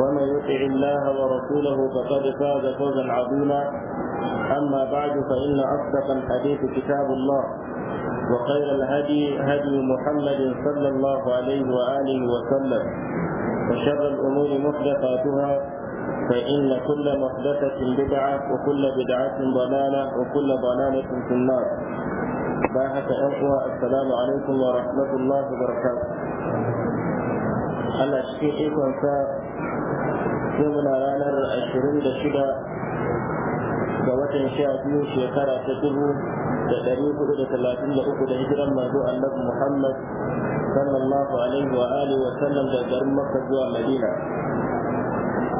ومن يطع الله ورسوله فقد فاز فوزا عظيما أما بعد فإن أصدق الحديث كتاب الله وخير الهدي هدي محمد صلى الله عليه وآله وسلم وشر الأمور محدثاتها فإن كل محدثة بدعة وكل بدعة ضلالة وكل ضلالة في النار باهت أخوة السلام عليكم ورحمة الله وبركاته. الله cikin ikonsa yau muna ranar ashirin da shida ga watan sha biyu shekara ta dubu da ɗari hudu da talatin da uku da hijiran manzo annabi muhammad sallallahu alaihi wa alihi wa sallam da garin makka zuwa madina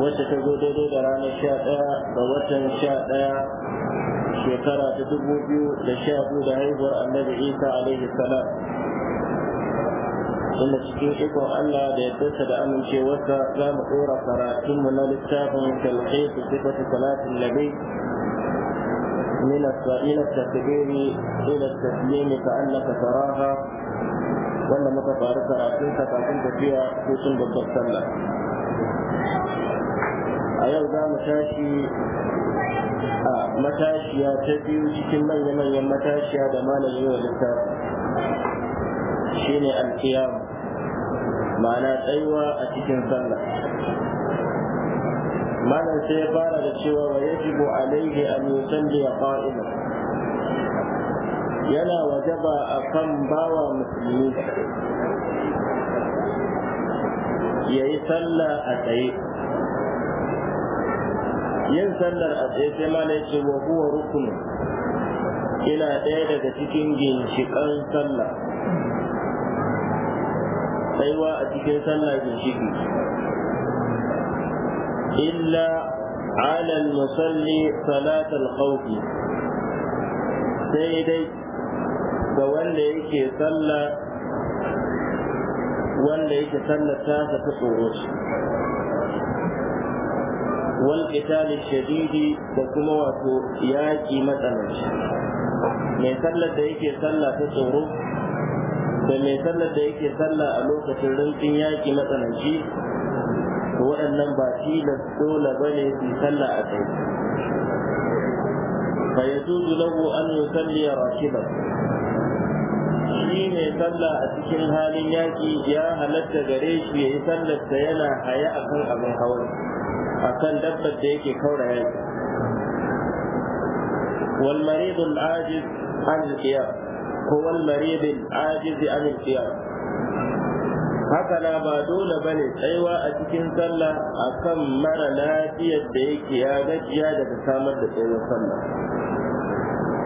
wacce ta zo daidai da ranar sha ɗaya ga watan sha ɗaya shekara ta dubu biyu da sha biyu da haihuwar annabi isa alaihi salam inda cikin ikon Allah da ya yaddarsa da amincewarsa za mu ɗora karatunmu na littafin talhaifu sifatu salatin nabi من إلى التكبير إلى التسليم كأنك تراها وأن متفارق راتين تكاكين تفيا كوتن ببطل صلى أيضا ذا متاشي matashiya ta biyu cikin manya-manyan matashiya da malamin yau littafi shine alkiyama ma'ana tsayuwa a cikin sallah malam sai ya fara da cewa wa yajibu alaihi an yusalli qa'iman yana wajaba kan bawa musulmi ya yi sallah a tsaye yin sallar a tsaye sai ma ce wa huwa ina ɗaya daga cikin ginshiƙan sallah tsayuwa a cikin sallah ginshiki illa ala musalli salatal khawfi sai dai ga wanda yake sallah wanda yake sallar tasa ta tsoro wal qitali shadidi da kuma wato yaki matsananci mai sallar da yake sallah ta tsoro da mai sallar da yake sallah a lokacin rintsin yaƙi matsananci waɗannan ba tilas dole ba ne su sallah a kai fa yajuzu lahu an yusalli rakiban shi mai sallah a cikin halin yaƙi ya halatta gare shi ya yi da yana haya akan abin hawan akan dabbar da yake kaura yaƙi والمريض العاجز عن القيام هو المريض العاجز عن القيام na, ba dole bane tsaiwa a cikin sallah akan mara lafiyar da yake ya gajiya daga samar da tsaiwar sallah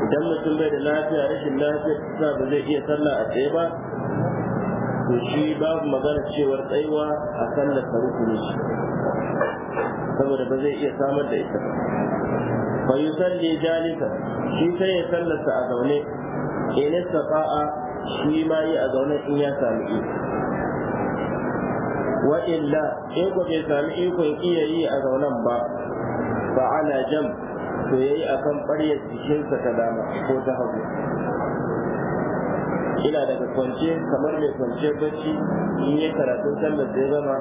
idan mutum bai da lafiya rashin lafiyar sa ba zai iya sallah a tsaye ba to shi babu magana cewar tsaiwa a sallar ta rukuni shi saboda ba zai iya samar da ita fa yusalli jalisa shi sai ya sallarsa a zaune ina istata'a shi ma yi a zaune in ya sami iko wa illa in ku bai sami ikon iya yi a zaunen ba ba ana jam to yayi akan ɓaryar jikinsa ta dama ko ta hagu ina daga kwance kamar mai kwance bacci in ya karatu sallar da ya zama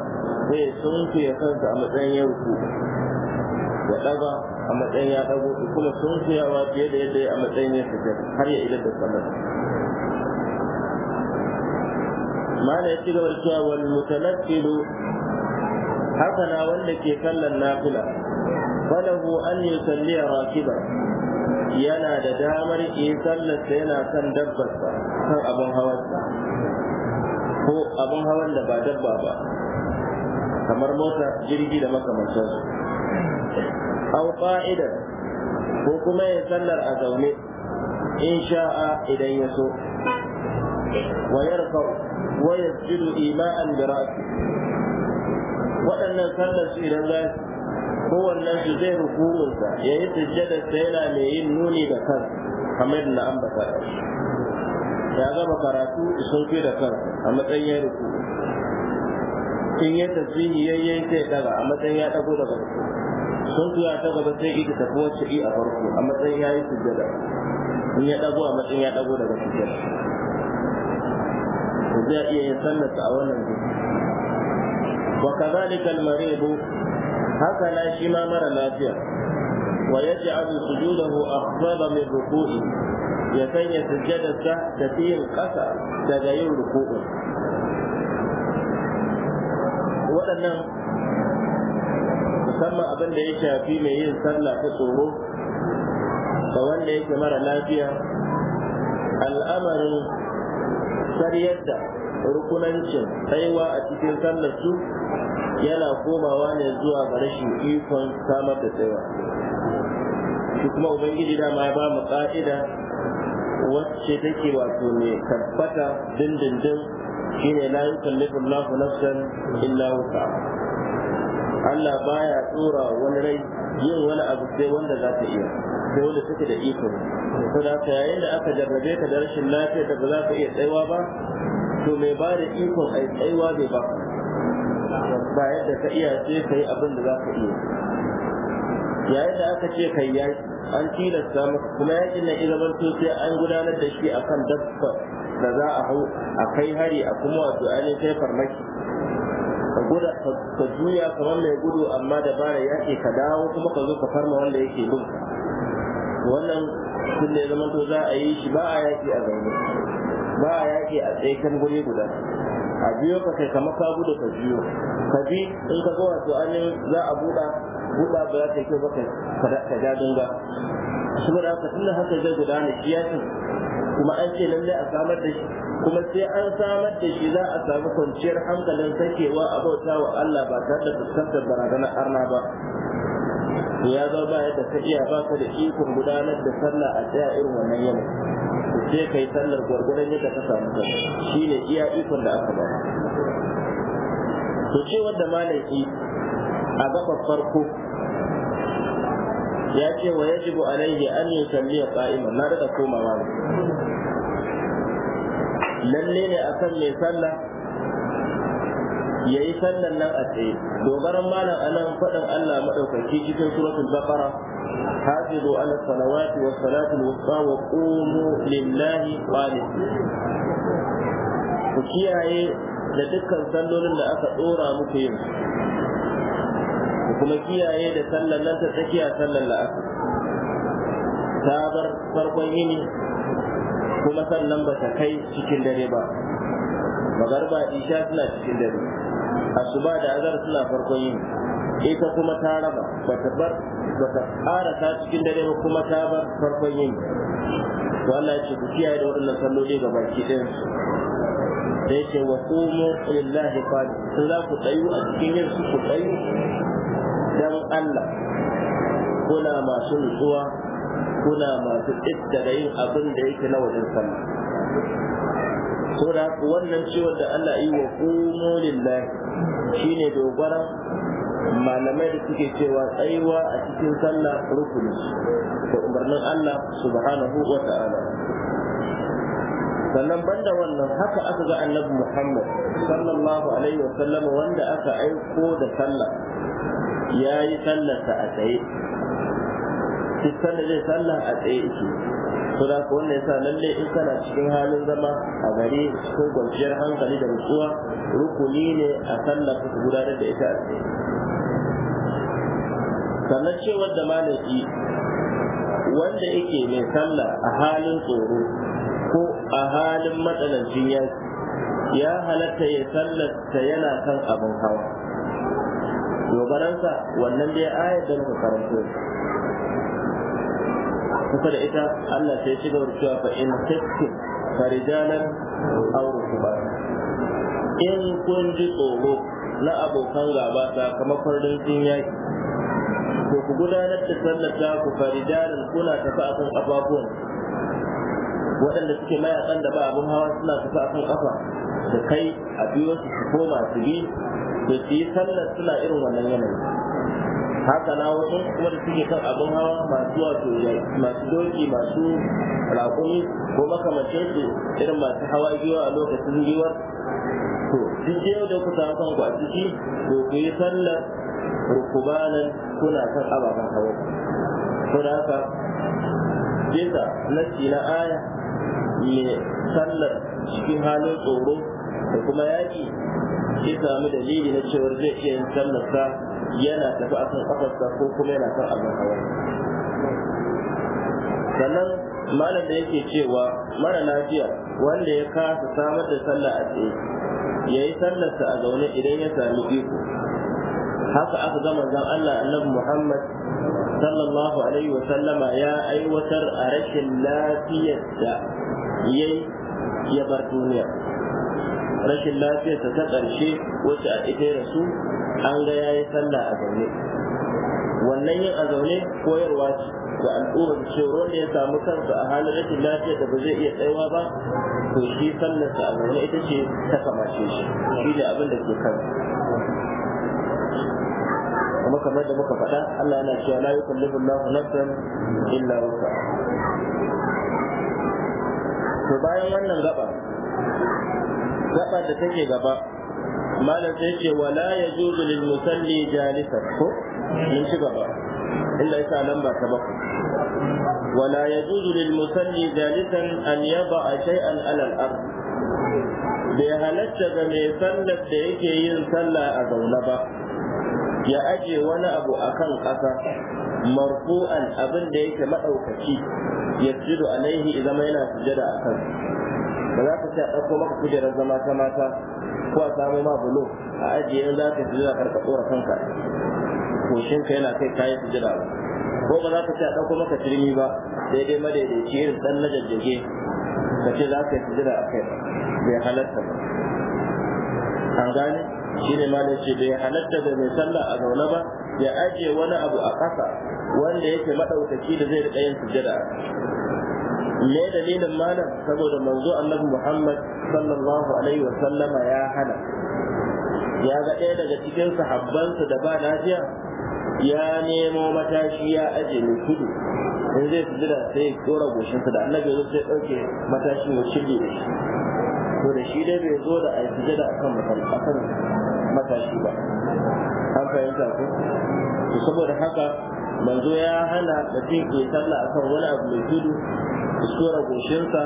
sai ya sunku ya kansa a matsayin yanku ya daga a matsayin ya dago su kuma sun tsayawa fiye da yadda a matsayin ya fita har ya idar da sallar mana ya ci gaba da cewa wani mutanaffilu haka na wanda ke kallon nafila falahu an a rakiba yana da damar yi sallarsa yana kan dabbarsa kan abin hawarsa ko abin hawan da ba dabba ba kamar mota jirgi da makamancinsu aw qa'idan ko kuma ya sallar a zaune in sha'a idan ya so wa yarfa'u wa yasjudu ima'an bi ra'si waɗannan sallar su idan za su kowannen su zai rukunsa ya yi sujjada sa yana mai yin nuni da kan kamar da na ambata ya gama karatu sun fi da kan a matsayin ya ruku in ya tasbihi yayyen sai daga a matsayin ya dago daga ruku sun a ta gaba sai ita tafi wacce iya a farko a matsayin yi sujjada in ya dago a matsayin ya dago daga sujjada to zai iya yin sallarsa a wannan ka wa kadhalika al-maridu haka na shi ma mara lafiya wa yaj'alu sujudahu afdala min ruku'i ya sanya sujjadarsa da yin ƙasa daga yin ruku'u waɗannan musamman abin da ya shafi mai yin sallah ta tsoro ga wanda yake mara lafiya al'amarin sariyar da rukunancin kaiwa a cikin sallar su yana komawa ne zuwa ga rashin ikon samar da tsawa shi kuma ubangiji dama ya ba mu ka'ida wacce take wato ne tabbata dindindin shine la yukallifu Allahu nafsan illa Allah baya tsora wani rai yin wani abu sai wanda za ta iya sai wanda suke da iko da saboda yayin da aka jarrabe ka da rashin lafiya da ba za ka iya tsaiwa ba to mai ba da ikon ai tsaiwa bai ba ba yadda ka iya sai ka yi abin da za ka iya yayin da aka ce kai yaki an tilasta maka kuma yakin nan ilimin to sai an gudanar da shi akan dabba da za a hau a kai hari a kuma wato ainihin kai farmaki guda ka juya kamar mai gudu amma dabara ya ke ka dawo kuma ka zo ka farma wanda yake bin wannan sun ne zama to za a yi shi ba a yaƙi a zaune ba a yaƙi a tsakan guri guda a biyo ka kai kama ka gudu ka biyo ka bi in ka zo wato an za a buɗa buɗa ba za ta yi kyau ba ka ja dunga saboda haka da haka zai gudana shi kuma an ce lallai a samar da shi kuma sai an samar da shi za a samu kwanciyar hankalin sakewa a bauta wa Allah ba tare da fuskantar barazanar arna ba to ya zo ba yadda ka iya ba ka da ikon gudanar da sallah a tsaya irin wannan yanayi sai ka yi sallar gwargwaron yadda ka samu ka shi ne iya ikon da aka ba to ce wanda malaki a gaban farko ya ce wa yajibu alaihi an yi yusalli qa'iman na daga komawa ne lalle ne akan mai sallah yayi sallan nan a tsaye dogaran malam nan faɗin Allah madaukaki cikin suratul baqara حافظوا على الصلوات والصلاة الوسطى وقوموا Lillahi, قانتين ku kiyaye da dukkan sallolin da aka ɗora muku yin ku kuma kiyaye da sallar nan ta tsakiya sallar la'asar ta bar farkon yini kuma sannan ba ta kai cikin dare ba ba isha suna cikin dare asuba da azar suna farkon yin ita kuma ta raba ba ta bar ba ta ƙara ta cikin dare ba kuma ta bar farkon yin to Allah ya ce ku kiyaye da waɗannan salloli ga baki ɗin da yake wa qumu lillahi qani sun za ku tsayu a cikin yin su ku tsayu dan Allah kuna masu nutsuwa kuna masu ƙiddara yin abin da yake na wajen sallah saboda wannan ciwon da Allah yi wa kumo lillahi shine dogara malamai da suke cewa tsayuwa a cikin sallah rukuni da umarnin Allah subhanahu wa ta'ala sannan banda wannan haka aka ga annabi Muhammad sallallahu alaihi wa sallam wanda aka aiko da sallah yayi sallarsa a tsaye duk sanda zai sallah a tsaye yake to da ko wannan yasa lalle in kana cikin halin zama a gari ko gwanciyar hankali da nutsuwa rukuni ne a sallah ku gudanar da ita a tsaye sannan cewar da malaki wanda yake mai sallah a halin tsoro ko a halin matsalar yaki ya halatta ya ta yana kan abin hawa dogaransa wannan dai ayar da muka kusa da ita Allah sai shiga gaba cewa fa in takku farijalan aw rukban in kun ji tsoro na abokan gaba sakamakon rinjin yaki Ko ku gudanar da sallar ta ku farijalan kuna tafi akan ababuwan waɗanda suke mayakan da ba abin hawa suna tafi akan kafa da kai a biyo su koma su bi da su yi sallar suna irin wannan yanayi haka na wasu kuma da suke kan abin hawa masu wato masu doki masu rakumi ko makamacin su irin masu hawa giwa a lokacin giwa to duk yau da ku samu kanku a ciki to ku yi sallar rukubanan kuna kan ababen hawa ko da haka na nasi na aya ne sallar cikin halin tsoro da kuma yaki ya samu dalili na cewar zai iya yin sallar sa yana tafi akan kafarsa ko kuma yana kan abin hawa sannan malam da yake cewa mara lafiya wanda ya kasa samar da sallah a tsaye ya yi sallarsa a zaune idan ya sami iko haka aka ga manzon Allah annabi Muhammad sallallahu alaihi wa sallama ya aiwatar a rashin lafiyar da yayi ya bar duniya rashin lafiyarsa ta ƙarshe wacce a ita da su an ga ya yi sallah a zaune wannan yin a zaune koyarwa ce ga al'ummar cewar da ya samu kansa a halin rashin lafiya da ba zai iya tsayawa ba to shi sallarsa a zaune ita ce ta kamace shi shi ne abin da ke kan kuma kamar da muka faɗa Allah yana cewa la yukallifu Allahu nafsan illa wusa to bayan wannan gaba gaba da take gaba malam sai ce wala yajuzu lil musalli jalisan ko mun ci gaba illa yasa lamba ta bakwai ولا يجوز للمصلي جالسا أن يضع شيئا على الأرض bai halatta ga mai sallar da yake yin sallah a zaune ba ya aje wani abu a kan ƙasa marfu'an abin da yake maɗaukaci ya jido alaihi zama yana sujada a kan ba za ka ce ɗauko maka kujerar zama ta mata ko a samu ma bulo a ajiye za ka sujira karka tsora kanka ka yana kai kayan su jira ba ko ba za ka ce ɗauko maka turmi ba daidai madaidaici irin ɗan na jajjage ka ce za ka yi jira a kai bai halatta ba an gane shi ne malam ce bai halatta da mai sallah a zaune ba ya ajiye wani abu a ƙasa wanda yake maɗaukaki da zai riƙa yin sujjada me dalilin malam saboda manzo annabi Muhammad sallallahu alaihi wa sallama ya hana ya ga ɗaya daga cikin sahabbansa da ba lafiya ya nemo matashi ya aje mai kudu in zai fi jira sai tsora goshinsa da annabi zai sai ɗauke matashi ya shirye da shi to da shi dai bai zo da a yi da akan matashi ba an fahimta ko to saboda haka manzo ya hana mutum ke sallah akan wani abu mai tudu kuskura goshinsa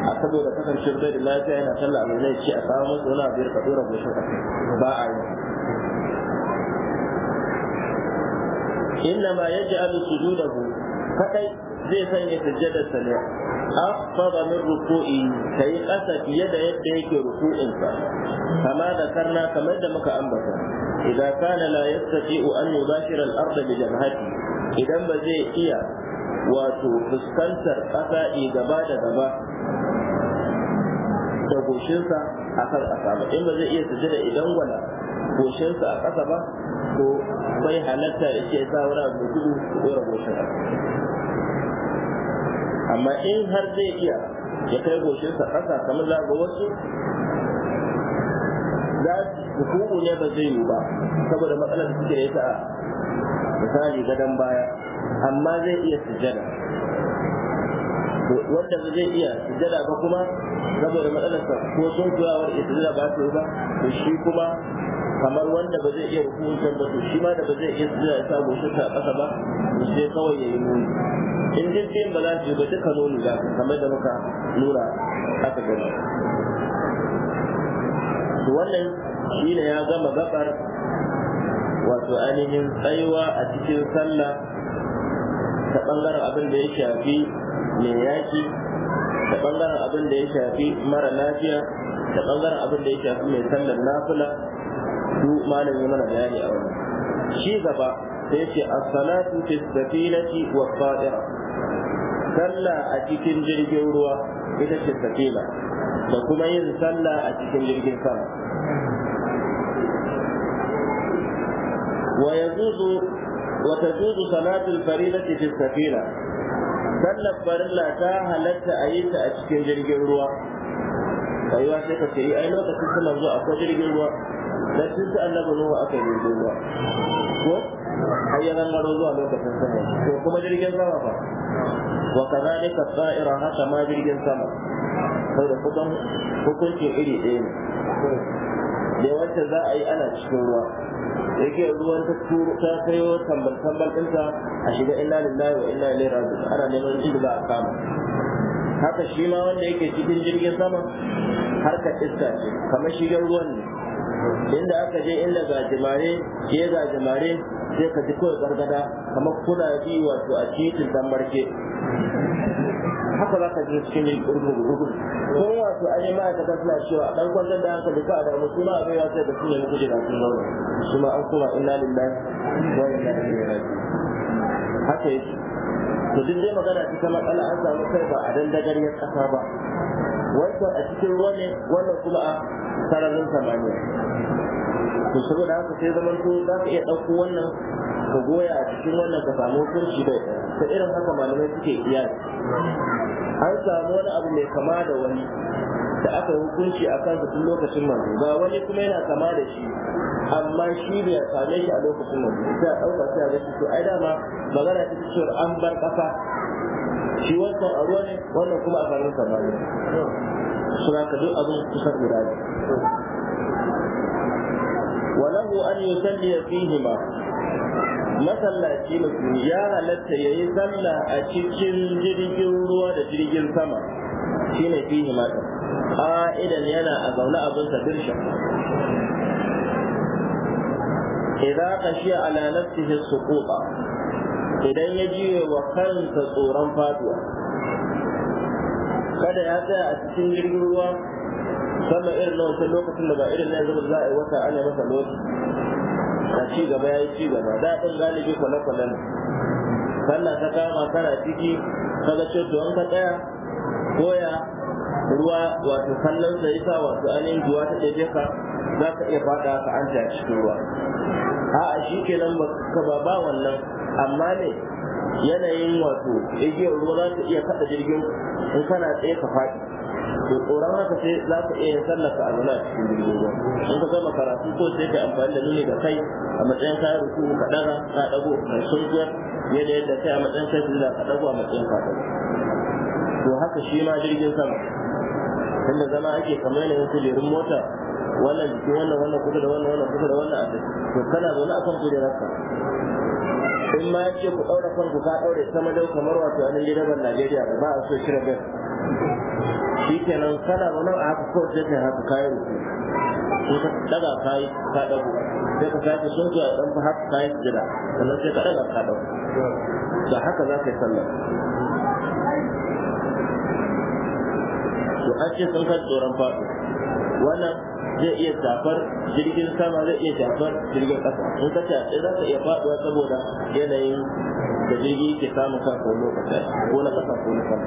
a saboda kasancewar bai da lafiya yana talla abu zai ce a samu masa wani abu ya rika dora goshin a ba a yi إنما يجعل سجوده فكي zai sanya sujjadar sa ne afdada min ruku'i yi ƙasa fiye da yadda yake ruku'in sa kama da karna kamar da muka ambata idan kana la yastati'u an yubashira al-ard bi jabhati idan ba zai iya wato fuskantar ƙasa gaba da gaba da goshinsa a kan ƙasa ba in ba zai iya jira idan wala goshinsa a ƙasa ba ko bai halatta da ke sa wani abu gudu ɗora goshin amma in har zai iya ya kai goshinsa ƙasa kamar za ga wasu za hukumu ne ba zai yi ba saboda matsalar da suke da ita misali gadon baya amma zai iya sujada wanda ba zai iya sujada ba kuma saboda matsalarsa ko sun wani ya sujada ba su ba to shi kuma kamar wanda ba zai iya rukun ba to shi ma da ba zai iya sujada ya samu shi ta ƙasa ba to sai kawai ya yi nuni in jirgin ba za su yi ba duka nuni ba kamar da muka lura aka gani to wannan shi ne ya gama gabar wato ainihin tsayuwa a cikin sallah ta bangaren abin da ya shafi mai yaki da bangaren abin da ya shafi mara lafiya da bangaren abin da ya shafi mai sallar nafila su malin yi mana bayani a wani shi gaba ta ya ce as-salatu fi safinati wa fadira sallah a cikin jirgin ruwa ita ce safina da kuma yin sallah a cikin jirgin sama wa yazuzu وتجوز صلاة الفريضة في السفينة sallar farilla ta halatta a yi ta a cikin jirgin ruwa rayuwa sai ka ce ai lokacin suna zuwa akwai jirgin ruwa da sun sa annabi nuhu aka yi jirgin ruwa ko ai ya gangaro zuwa lokacin sama to kuma jirgin sama ba wa kazalika sa'ira haka ma jirgin sama saboda kusan iri ɗaya ne za a yi ana cikin ruwa yake ruwan ta turu ta sayo tambal tambal ta, a shiga inna lillahi wa inna ilaihi raji'un ana neman inda za a kama haka shi ma wanda yake cikin jirgin sama harkar iska ce kamar shigar ruwan ne inda aka je inda jimare ke jimare sai ka ji kawai gargada kamar kuna ji wato a titin dan marke haka za ka je cikin yin gurgudu ko wato an yi ma'aikata suna cewa ɗan kwantar da hankali ka a musu suna abin ya sai da sun yi kujera sun zauna su ma an koma inna lillahi wa inna ilaihi raji'un haka yake to duk dai magana ta matsala an samu kai ba a dandagariyar ƙasa ba wancan a cikin ruwa ne wannan kuma a sararin samaniya to saboda haka sai zaman to za ka iya ɗauko wannan ka goya a cikin wannan ka samu hukunci bai ta irin haka malamai suke kiyasi an samu wani abu mai kama da wani da aka hukunci a kansa tun lokacin manzo ba wani kuma yana kama da shi amma shi bai same shi a lokacin manzo sai a ɗauka sai a ga to ai dama magana ta cewa an bar ƙasa shi wancan a ruwa ne wannan kuma a farin sa ne suna ka duk abin kusan guda ne وله أن يسلي فيهما masallaci musulmi ya halatta ya yi sallah a cikin jirgin ruwa da jirgin sama shi ne fi himata ƙa'idan yana a zaune abinsa birshin idan ka shi ala nafsihi suquta idan ya jiye wa kansa tsoron faduwa kada ya tsaya a cikin jirgin ruwa sama irin na wancan lokacin da ba irin na zuba za a yi wata ana masa lokaci ci gaba ya yi ci gaba daɗin galibi kwale-kwale ne sallah ta kama kana ciki ka ga cewa an ka tsaya koya ruwa wato kallon sa yasa wato anin juwa ta ka za ka iya faɗa ka an ta cikin ruwa a'a shi kenan ka ba ba wannan amma ne yanayin wato igiyar ruwa za ta iya kaɗa jirgin in kana tsaye ka faɗi to tsoron haka sai za ka iya sallaka alwala cikin jirgin ruwa in ka zama karatu ko sai ka amfani da nuni da kai a matsayin kayan ruku ka ɗaga ka ɗago mai sunkiyar yadda yadda kai a matsayin kai su ka ɗago a matsayin ka to haka shi ma jirgin sama inda zama ake kamar yanayin kujerun mota wannan jiki wannan wannan kusa da wannan wannan kusa da wannan a to kana zaune a kan kujerarka in ma ya ce ku ɗaura kanku ka ɗaure sama dau kamar wato a nan gidan Najeriya ba a so shirin shi kenan kana zaune a haka kawai sai ka haka kayi ruku ko ka daga kayan ka dago sai ka sake soke a dan haka kayi gida, sannan sai ka daga ka dago da haka za ka yi sallah to an ce sun kan tsoron faɗo wannan zai iya shafar jirgin sama zai iya shafar jirgin ƙasa in ka ce za ka iya faɗuwa saboda yanayin da jirgi ke samun kan ko lokaci ko na kasa ko na sama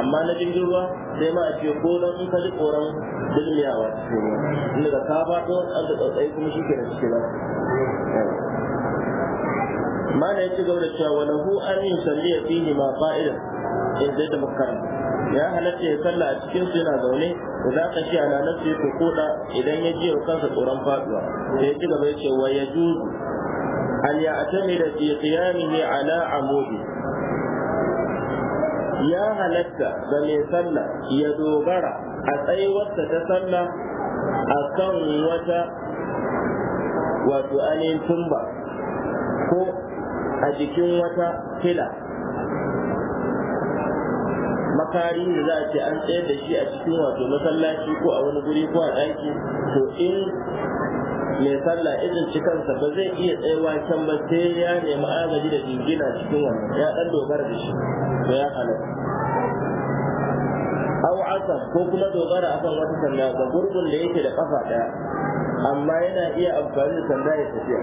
amma na jirgin ruwa sai ma a ce ko don in ka ji tsoron dirmiyawa cikin ruwa inda da ka ba ta an da tsautsayi kuma shi ke da cikin ruwa mana ya ci gaba da cewa wani hu an yi yin fi fihi ma fa'ida in zai da makaranta. ya halatta ya salla a cikin su yana zaune da za ka shi a ala nafsi ko koda idan ya ji kansa tsoron faduwa sai ya ci gaba ya ce wa ya juzu an da fi qiyamihi ala amudi ya halatta da mai sallah ya dogara a tsayuwarsa ta sallah a kan wata wato ainihin tumba ko a jikin wata fila makari da za a ce an tsayar da shi a cikin wato masallaci ko a wani guri ko a ɗaki to in mai sallah idan ci kansa ba zai iya tsayawa can ba sai ya nemi agaji da jingina cikin wannan ya dan dogara da shi to ya halatta au asa ko kuma dogara akan wata sanda ga gurbin da yake da kafa daya amma yana iya amfani da sanda ya tafiya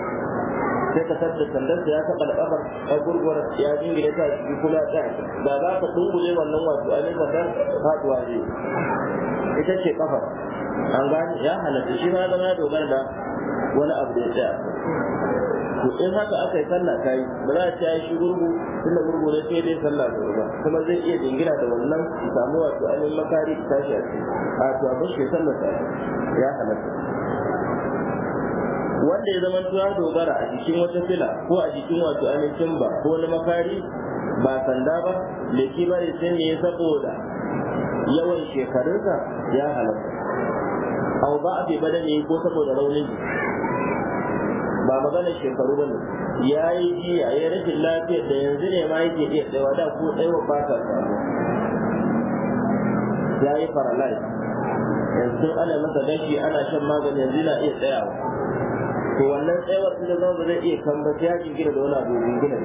sai ka tabbata da ya taɓa da ƙafar a gurguwar ya ya ta ciki kuma ta da za ka dungule wannan wato ainihin sandar faɗuwa ne ita ce ƙafar an gani ya halatta shi ma zama dogara da wani abu da ya tsaya to in haka aka yi sallah ta yi ba za a ci shi gurgu tun da gurgu ne sai dai sallah ta ba kuma zai iya jingina da wannan su samu wato ainihin makari ta tashi a ciki a to a bashi sallah ta ya halatta wanda ya zama tuwa dogara a jikin wata fila ko a jikin wato amincin ba ko wani makari ba sanda ba leki ba ya sanya ya saboda yawan shekarunsa ya halatta au ba a fi ko saboda raunin jiki ba magana shekaru bane ya yi jiya ya rashin lafiyar da yanzu ne ma yake iya wa da ko tsayawa ba ta samu ya yi paralyze yanzu ana masa gashi ana shan magani yanzu na iya tsayawa to wannan tsayawar da zama ba zai iya kambata ya jingina da wani abu jingina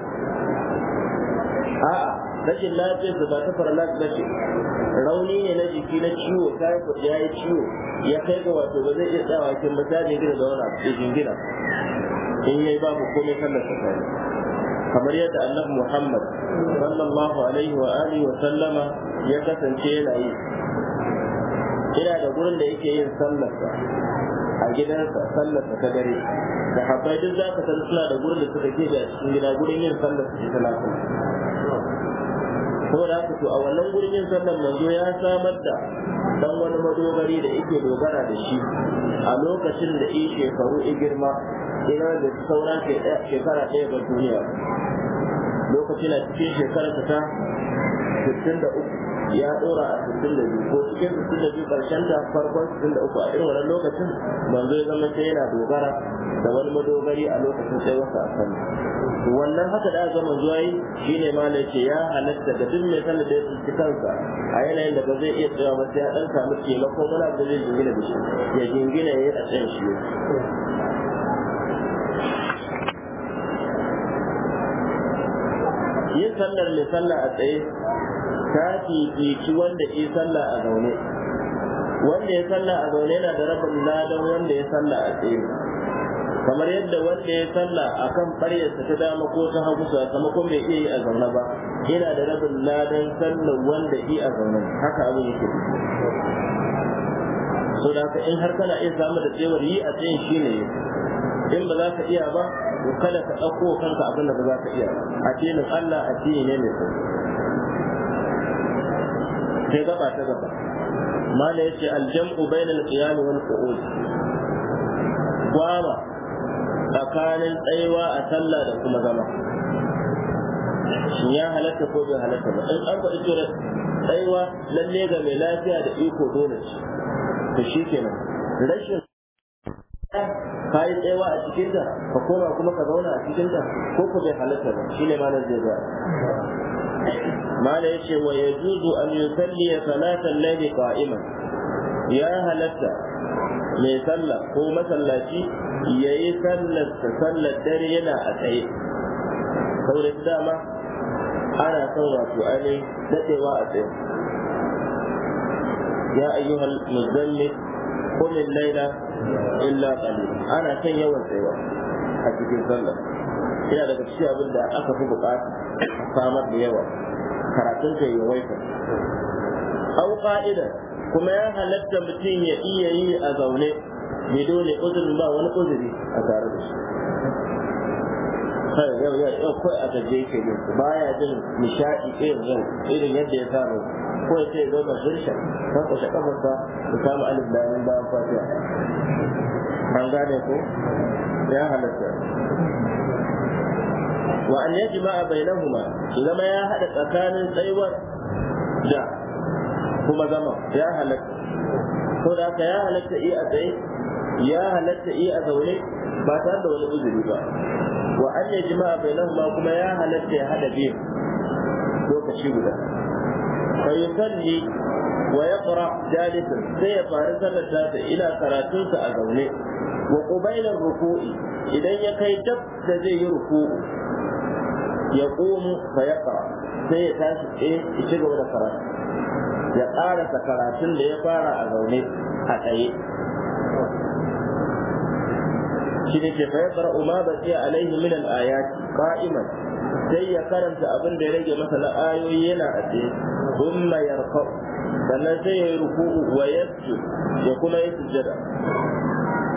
a'a rashin lafiyarsa ba ta paralyze ba ce rauni ne na jiki na ciwo ta yi ya yi ciwo ya kai ga wato ba zai iya tsawa kin ba ta jingina da wani abu jingina in yayi babu komai sallar ta kamar yadda annabi Muhammad sallallahu alaihi wa alihi wa sallama ya kasance yana yi ina da gurin da yake yin sallarsa a gidansa sallarsa ta dare da haɓai duk za ka san suna da gurin da suka je da cikin gida gurin yin sallar sallarsa ta lafiya saboda haka to a wannan gurin yin sallar manzo ya samar da dan wani madogari da yake dogara da shi a lokacin da i shekaru i girma ina da sauran shekara ɗaya ga duniya lokacin a cikin shekararsa ta 63 ya dora a cikin da biyu ko cikin cikin da biyu karshen ta farkon cikin da uku a irin wannan lokacin manzo ya zama sai yana dogara da wani madogari a lokacin sai wasa a kan wannan haka da aka manzo shine ma ne ce ya halatta da duk mai sanin da ya tsinci kansa a yanayin da ba zai iya tsaya ba sai ya dan samu taimako wani abu da zai jingina da shi ya jingina ya yi a tsayin shi yin sallar mai sallah a tsaye ta fifici wanda yi sallah a zaune wanda ya sallah a zaune yana da rabin ladan wanda ya sallah a tsaye kamar yadda wanda ya sallah a kan faryarsa ta dama ko ta hagu sakamakon bai iya yi a zaune ba yana da rabin ladan sallar wanda yi a zaune haka abin yake so da haka in har kana iya samu da tsewar yi a tsayin shine in ba za ka iya ba to kada ka ɗauko kanka abin da ba za ka iya addinin Allah addini ne mai sauki sai gaba ta gaba ya ce aljam'u bainal qiyam wal qu'ud gwama tsakanin tsayuwa a sallah da kuma zama shin ya halatta ko bai halatta ba in an faɗi cewa tsayuwa lalle ga mai lafiya da iko dole ce to shikenan rashin ka yi tsayawa a cikin ta ka koma kuma ka zauna a cikin ta ko ku bai halatta ba shine malam zai ga malam yace wa yajuzu an yusalli salatan layli qa'iman ya halatta mai sallah ko masallaci yayi sallar ta sallar dare yana a tsaye saboda dama ana son wato ainihin dadewa a tsaye ya ayyuhal muzammil kumin laila illa qalil ana kan yawan tsayawa a cikin sallah yana daga cikin abin da aka fi bukata samar da yawa karatun ka yi waita au qa'ida kuma ya halatta mutum ya iya yi a zaune dole uzurin ba wani uzuri a tare da shi kai yau yau yau kai a gaje yake ne ya jin nishaɗi irin zan irin yadda ya samu ko ya ce zo na zursha kan kushe kafarsa ya samu alif bayan bayan fatiha an gane ko ya halatta wa an yajma'a bainahuma zama ya hada tsakanin tsayuwar da kuma zama ya halatta ko da haka ya halatta iya a tsaye ya halatta iya a zaune ba tare da wani uzuri ba wa an ya jima'a bainahuma kuma ya halatta ya hada biyu lokaci guda fa yusalli wa yaqra jalisan sai ya fara sallar tasa ina karatunsa a zaune wa qubailan ruku'i idan ya kai dab da zai yi ruku'u ya qumu fa yaqra sai ya tashi tsaye ya ci gaba da karatu ya karasa karatun da ya fara a zaune a tsaye shi ne ke fayabar umma ba tsiya alaihi minan ayat Ka'iman. sai ya karanta abin da ya rage masa na ayoyi yana a tsaye thumma yarfa sannan sai ya ruku'u wa yasju ya kuma yi sujjada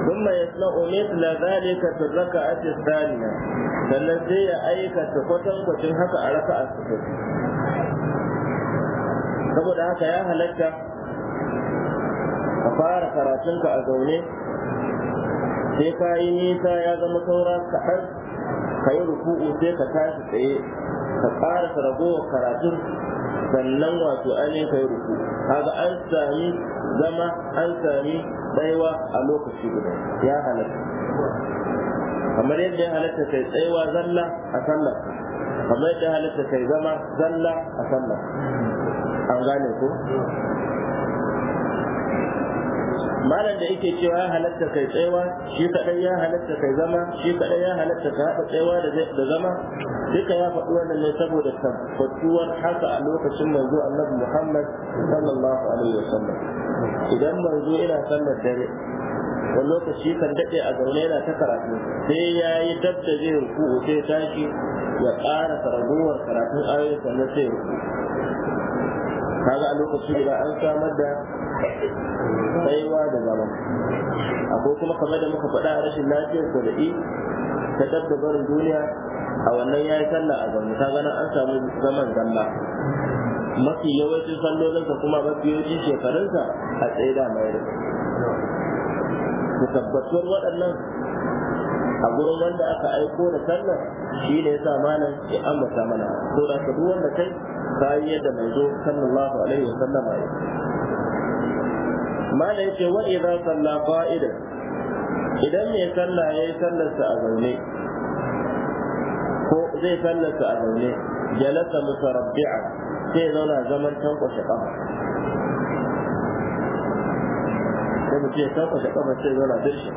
thumma yasma'u mithla dhalika fi rak'ati thaniya sannan sai ya aikata kwatankwacin haka a raka'a ta saboda haka ya halatta ka fara karatunka a zaune sai ka yi nisa ya zama saura har ka yi ruku'u sai ka tashi tsaye ka ƙarasa ragowar karatun sannan wato ainihin ka yi ruku kaga an sami zama an sami tsaiwa a lokaci guda ya halatta kamar yadda ya halatta kai tsaiwa zalla a sallah kamar yadda ya halatta kai zama zalla a sallah an gane ko malam da yake cewa ya halatta kai tsayawa shi kadai ya halatta kai zama shi kadai ya halatta ka haɗa tsayawa da zama duka ya faɗi wannan ne saboda tabbatuwar haka a lokacin manzo annabi Muhammad sallallahu alaihi wasallam idan manzo ina sallar dare wani lokaci kan daɗe a zaune yana ta karatu sai ya yi dab da zai ruku sai tashi ya ƙara ragowar karatun ayoyin sannan sai ruku kaga a lokaci idan an samar da baiwa da zama akwai kuma kamar da muka faɗa a rashin lafiyar sa da ta dabba barin duniya a wannan ya yi sallah a zaune ta ganin an samu zaman zalla mafi yawancin sallolinsa kuma mafi yawancin shekarunsa a tsaye da mai da ku tabbatuwar waɗannan a gurin wanda aka aiko da sallar shi ne sa malam ya ambata mana ko da ka duk wanda kai yi yadda mai zo sallallahu alaihi wa sallama ya mala yace wa idza salla qa'idan idan mai sallah yayi sallarsa a zaune ko zai sallarsa a zaune jalasa musarabbi'a sai zauna zaman tankwashe kafa sai mutum ya tankwashe kafa sai zauna dirshi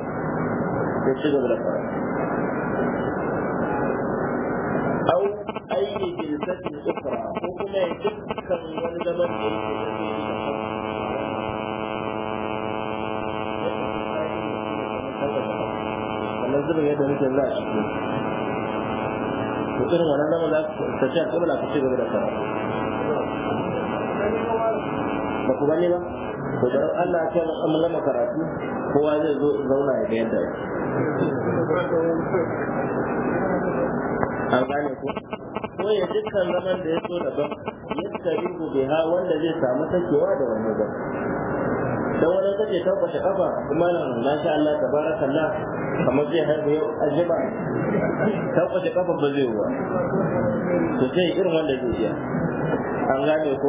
sai ci gaba da fara au ayi jinsatin ukra ko kuma ya dukkan wani zaman dirshi azumin yadda nake za a ciki to irin wannan zama za ta tafi a kuma ku ci gaba da kara ba ku bane ba ko da Allah ya ce mun gama karatu kowa zai zo zauna ya ga yadda an gane ku ko ya dukkan zaman da ya so daban yadda ribu biha wanda zai samu sakewa da wani ba dan wani kace tabbata kafa kuma nan masha Allah tabarakallah kamar zai haihu yau aljaba tabbata kafa ba zai ruwa to sai irin wanda zai iya an gane ko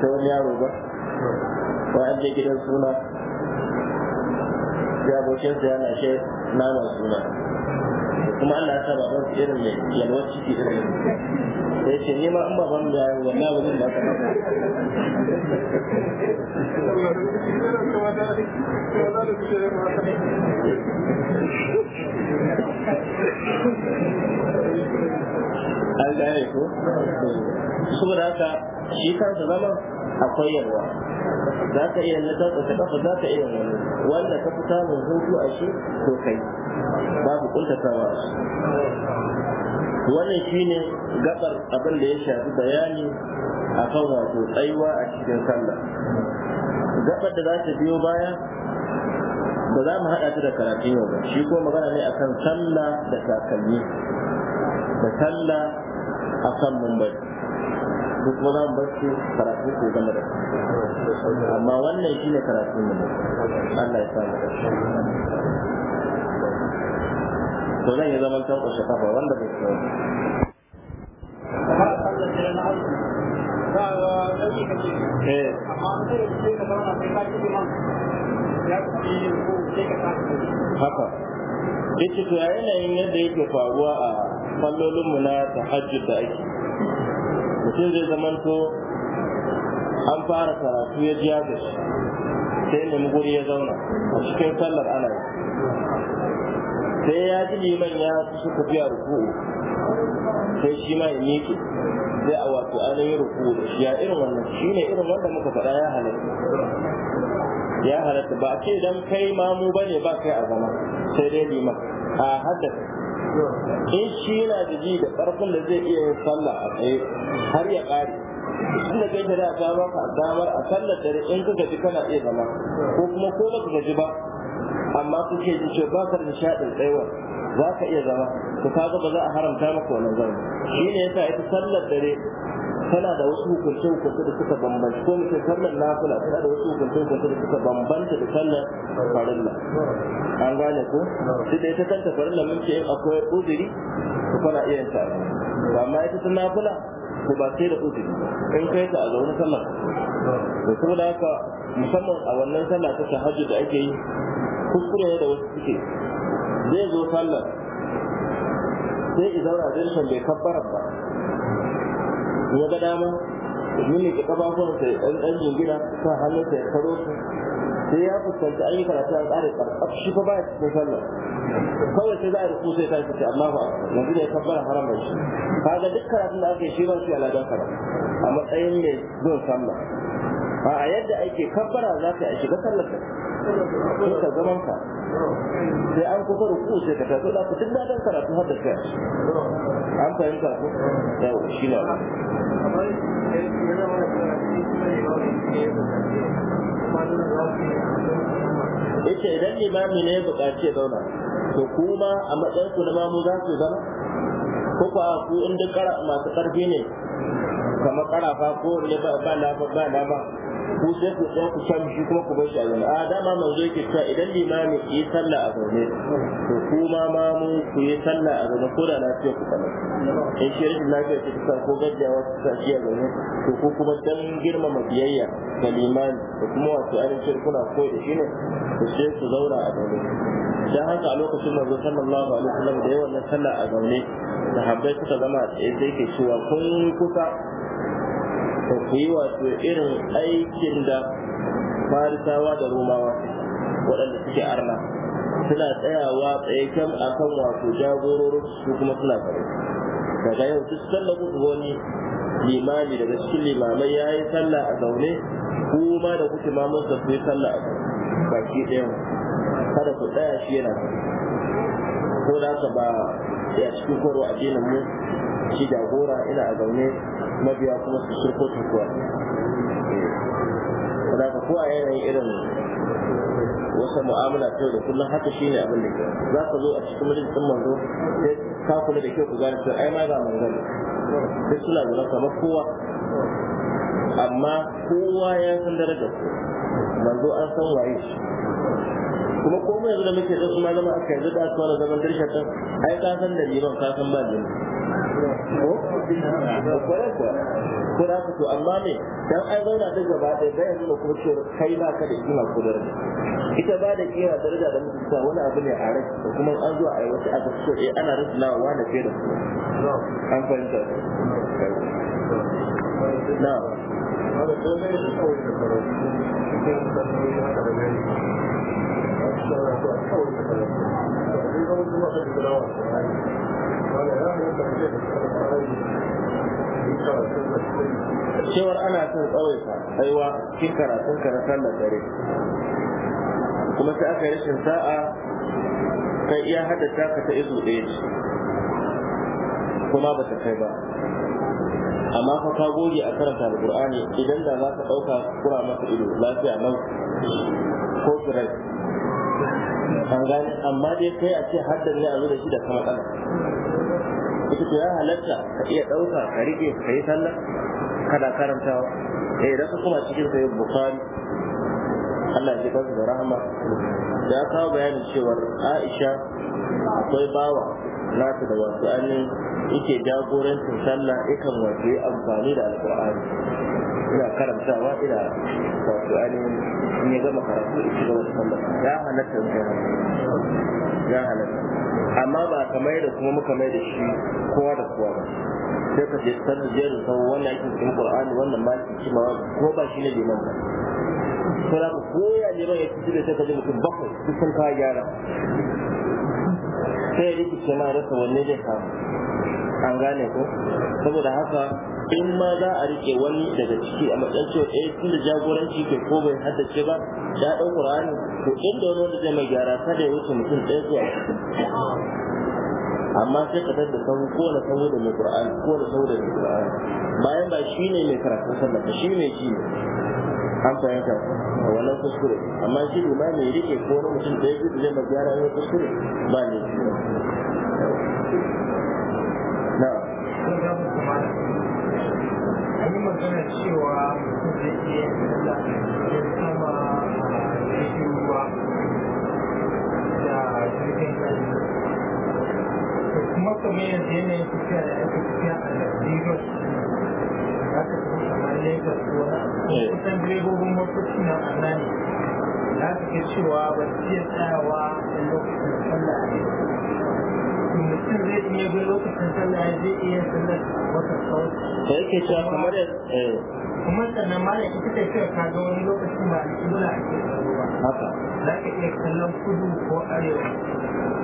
ta wani yaro ba ko an je gidan suna ya abokinsa yana she naman suna kuma Allah ya sa baban su irin mai yalwar ciki irin sai ce ni ma an baban da yawo wallahi ba zan ba ka an gane ko saboda haka shi kansa zama akwai yarwa za ka iya na ta za ka iya wani wanda ka fita mun hutu a shi ko kai babu kuntatawa wannan shine gabar abin da ya shafi bayani kan wato tsaiwa a cikin sallah gabar da za ta biyo baya ba za mu haɗa ta da karatun yau ba shi ko magana ne akan sallah da takalmi da sallah akan kan su kuma za bar su karatu ko game da amma wannan shine karatun mu Allah ya sa mu to zan yi zaman tarko shi kafa wanda bai su eh. haka yace to a yanayin yadda yake faruwa a fallolinmu na hajji da ake mutum zai zamanto an fara karatu ya ji ya gashi sai nemi guri ya zauna a cikin sallar ana yi sai ya ji liman ya su tafiya ruku'u sai shi ma ya miƙe sai a wato yi ruku'u da shi ya irin wannan shi ne irin wanda muka faɗa ya halatta ya halatta ba a ce dan kai mamu ba ne ba kai a zama sai dai liman a haddasa in shi yana da ji da ƙarfin da zai iya yin sallah a tsaye har ya ƙare tun da kai da ta baka damar a sallar dare in ka gaji kana iya zama ko kuma ko baka ji ba amma kuke ji ce ba ka da nishaɗin tsayuwar za ka iya zama su kaga ba za a haramta maka wannan zama ya yasa ita sallar dare tana da wasu hukunce hukunce da suka bambanta ko muke sallar nafila tana da wasu hukunce hukunce da suka bambanta da sallar farilla an gane ko duk da ita kanta farilla mun ce akwai uzuri ku kana iya yin ta amma ita ta nafila ko ba sai da uzuri in kai ta a zaune sallar to saboda haka musamman a wannan sallah ta tahajjud da ake yi kuskure da wasu suke zai zo sallar sai i zaura dirshan bai kabbara ba ya ga dama yi ne kafafuwan sai ɗan ɗan jingina sa hannun sai karo su sai ya fuskanci an yi karatu an ƙare ƙarƙaf shi fa baya cikin sallar kawai sai za a rufu sai tashi ce amma ba yanzu da ya kabbara mai shi kaga duk karatun da ake shi ba shi aladan karatu a matsayin mai bin sallah a yadda ake kabbara za ka yi a shiga sallar sai ka zaman ka sai an kusa ruku sai ka tafi da kudin da dan karatu har da kai an fahimta ko yau shi ne yace idan limami ne ya buƙaci ya zauna to kuma a matsayin ku na mamu za su zama ko kuwa ku in duk masu ƙarfi ne kamar ƙarafa ko ne ba na ba ku sai ku tsaya ku samu shi kuma ku bar shi a zaune a dama manzo yake cewa idan limami yi sallah a zaune to kuma ma mu ku yi sallah a zaune ko da lafiya ku kana in shi rashin lafiya ce kusa ko gaggawa ta sa shi a zaune to ko kuma dan girmama biyayya ga limami da kuma wato ainihin kuna koyi da shi ne ku sai ku zauna a zaune dan haka a lokacin manzo sallallahu alaihi wasallam da yawan sallah a zaune sahabbai suka zama a tsaye sai ke cewa kun kusa ka yi wato irin aikin da farisawa da romawa waɗanda suke arna suna tsayawa tsayaken a kan wato jagororin su kuma suna tsare daga yau duk sallar kuka wani limami daga cikin limamai ya yi sallah a zaune kuma da kuke mamun sa su yi sallah a baki ɗayan kada ku tsaya shi yana ko da ka ba ya cikin koro jinin mu shi jagora ina a zaune mabiya kuma su shirko su kuwa eh. da ka kuwa yanayin irin wasu mu'amala ta da kullum haka shi ne abin da ke za ka zo a cikin majalisar manzo sai ka kula da kyau ku gane cewa ai ma ga manzo duk suna zama kamar kowa amma kowa ya san darajar manzo an san waye shi kuma komai yanzu da muke da su ma zama aka yanzu da su wani zaman dirshatan ai ka san da liman ka san ba liman ko kwarar kuna ku amma me dan an zauna gaba ɗaya bayan nuna kuma cewa kai ba ka da kima ko daraja ita ba da kima daraja da mutunta wani abu ne a rai da kuma an zuwa a aka eh ana wani fiye da su an fahimta na cewar ana son tsawaita aiwa kin karatun ka na sallar dare kuma sai aka yi rashin sa'a kai iya haddasa ka ta izu ɗaya ce kuma ba ta kai ba amma fa ka goge a karanta alqur'ani idan da za ka dauka kura masa ido lafiya nan ko kirai an gani amma dai kai a ce haddan ne a zo da shi da kuma matsala ita ce ya halatta ka iya ɗauka ka rike ka yi sallah kana karantawa eh da ka kuma cikin sayin bukari Allah ya kansu da rahama ya kawo bayanin cewar Aisha akwai bawa nata da wasu anin yake jagorancin sallah yakan wato amfani da alƙur'ani ina karantawa ina wato ainihin in ya gama karatu in shiga wasu sallar ya halatta ya halatta amma ba mai da kuma muka mai da shi kowa da kowa ba sai ka je sanar jiyar da sau wannan ake cikin qur'ani wannan ma ke cima ko ba shi ne liman ba sai da koya liman ya ci da sai ka je mutum bakwai duk sun kawo gyara sai ya rikice ma rasa wanne zai samu an gane ko saboda haka in ma za a rike wani daga ciki a matsayin cewa eh tun da jagoranci ke ko bai haddace ba ya ɗau ƙur'ani Ko inda wani wanda zai mai gyara kada ya wuce mutum ɗaya zuwa amma sai ka tada sahu ko na sahu da mai ƙur'ani ko na sahu da mai ƙur'ani bayan ba shi ne mai karatun sallah ba shi ne ji an fahimta a wannan kuskure amma shi ba ya rike ko wani mutum ɗaya zuwa ji da zai magyara kuskure ba ne magana cewa mutum zai iya yin da sama da ruwa da jirgin kasa da kuma kamar yanzu yanayin tafiya da aka tafiya a lagos da aka tafi kamar lagos ko eh. kusan direbobin motoci na a da aka cewa ba su iya tsayawa a lokacin sallah a mutum zai iya lokacin sallah zai iya sallar wata kawai da yake cewa kamar eh. kuma sannan malam ita ta cewa ka ga wani lokaci ba da kibla ake kallo ba haka za ka iya kallon kudu ko arewa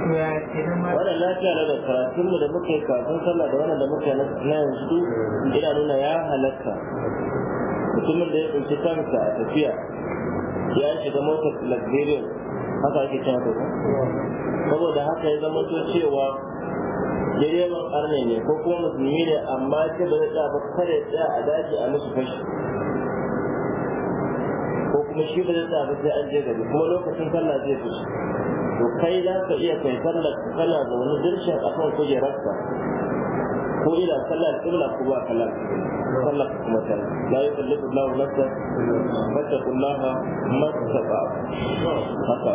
Ya ce na wannan lafiya daga karatun mu da muke kafin sallah da wannan da muke na yanzu ina nuna ya halatta mutumin da ya tsinci kansa a tafiya ya shiga motar luxurious haka ake cewa saboda haka ya zama to cewa direban arne ne ko kuma musulmi ne amma ce ba zai tsaya ba kada tsaya a daji a musu fashi ko kuma shi ba zai tsaya ba sai an je gari kuma lokacin sallah zai fi to kai za ka iya kai sallar kana zaune dirshin akan kujerarka ko ila sallar kibla ko ba kallon sallar kuma sallar la yukallifu Allahu nafsan fattaqullaha mastafa haka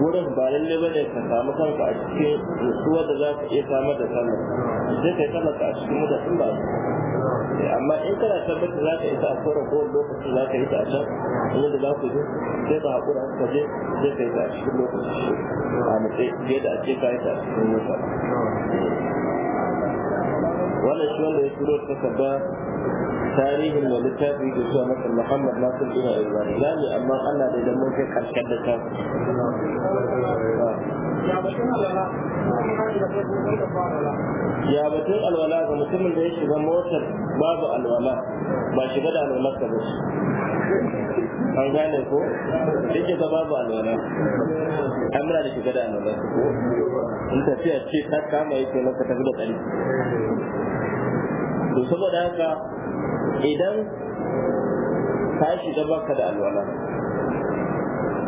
wurin ba lalle bane ka samu kanka a cikin nutsuwa da za ka iya samar da sallar sai kai ka a cikin muda tun ba amma in kana tabbata za ka isa a kora ko lokacin za ka isa a can in da za ku je sai ka haƙura ka je sai ka yi a cikin lokaci a nutse fiye da a ka yi a cikin muda wannan shi wanda ya turo kaba tarihin da littafi da zuwa masa muhammad nasir ina ibrahim zami amma allah da idan mun kai karshen da tafi ya batun alwala ga mutumin da ya shiga motar babu alwala ba shiga da alwalar ka ba an gane ko duk da babu alwala amra da shiga da alwala ko in tafiya ce ta kama yake maka tafi da tsari to saboda haka idan ka shiga baka da alwala